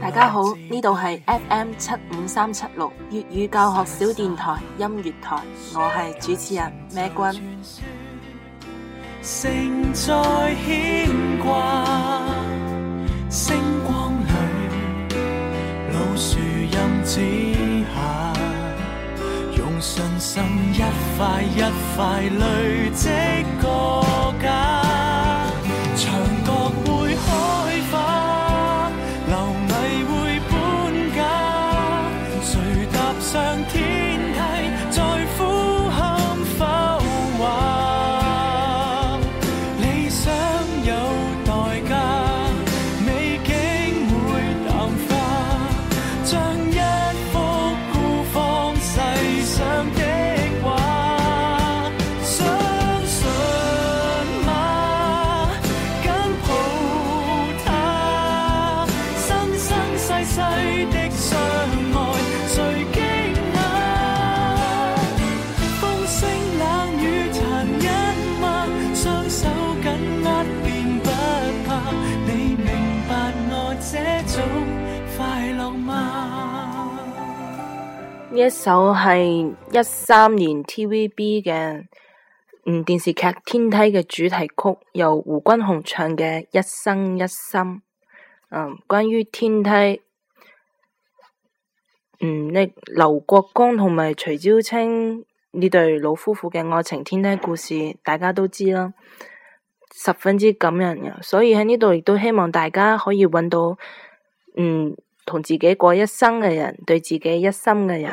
大家好，呢度係 FM 七五三七六粵語教學小電台音樂台，我係主持人咩君。星呢一首係一三年 TVB 嘅嗯電視劇《天梯》嘅主題曲，由胡君雄唱嘅《一生一心》。嗯，關於《天梯》，嗯，呢劉國江同埋徐朝清呢對老夫婦嘅愛情天梯故事，大家都知啦，十分之感人嘅。所以喺呢度亦都希望大家可以揾到嗯同自己過一生嘅人，對自己一生嘅人。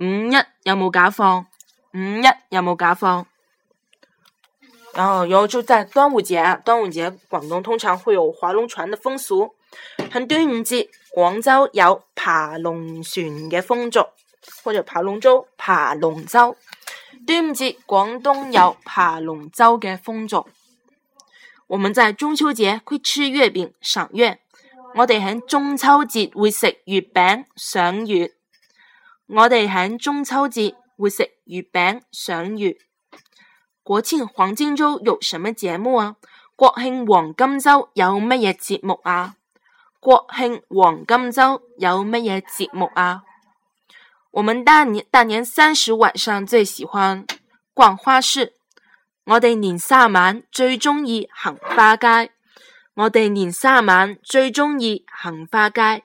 五一有冇假放？五一有冇假放？然後然後就在端午節，啊，端午節廣東通常會有劃龍船的風俗。喺端午節，廣州有爬龍船嘅風俗，或者爬龍舟、爬龍舟。端午節廣東有爬龍舟嘅風俗。我們在中秋節會吃月餅賞月，我哋喺中秋節會食月餅賞月。我哋喺中秋節會食月餅賞月。國慶黃金周有什麼節目啊？國慶黃金周有乜嘢節目啊？國慶黃金周有乜嘢節目啊？我們大年大年三十晚上最喜歡逛花市。我哋年卅晚最鍾意行花街。我哋年卅晚最鍾意行花街。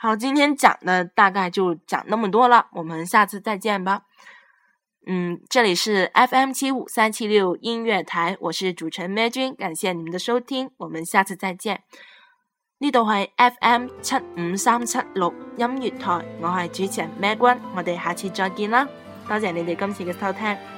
好，今天講的大概就講那麼多了，我們下次再見吧。嗯，這裏是 FM 七五三七六音樂台，我是主持人 May 君，感謝你們的收聽，我們下次再見。呢度係 FM 七五三七六音樂台，我係主持人 May 君，我哋下次再見啦，多謝你哋今次嘅收聽。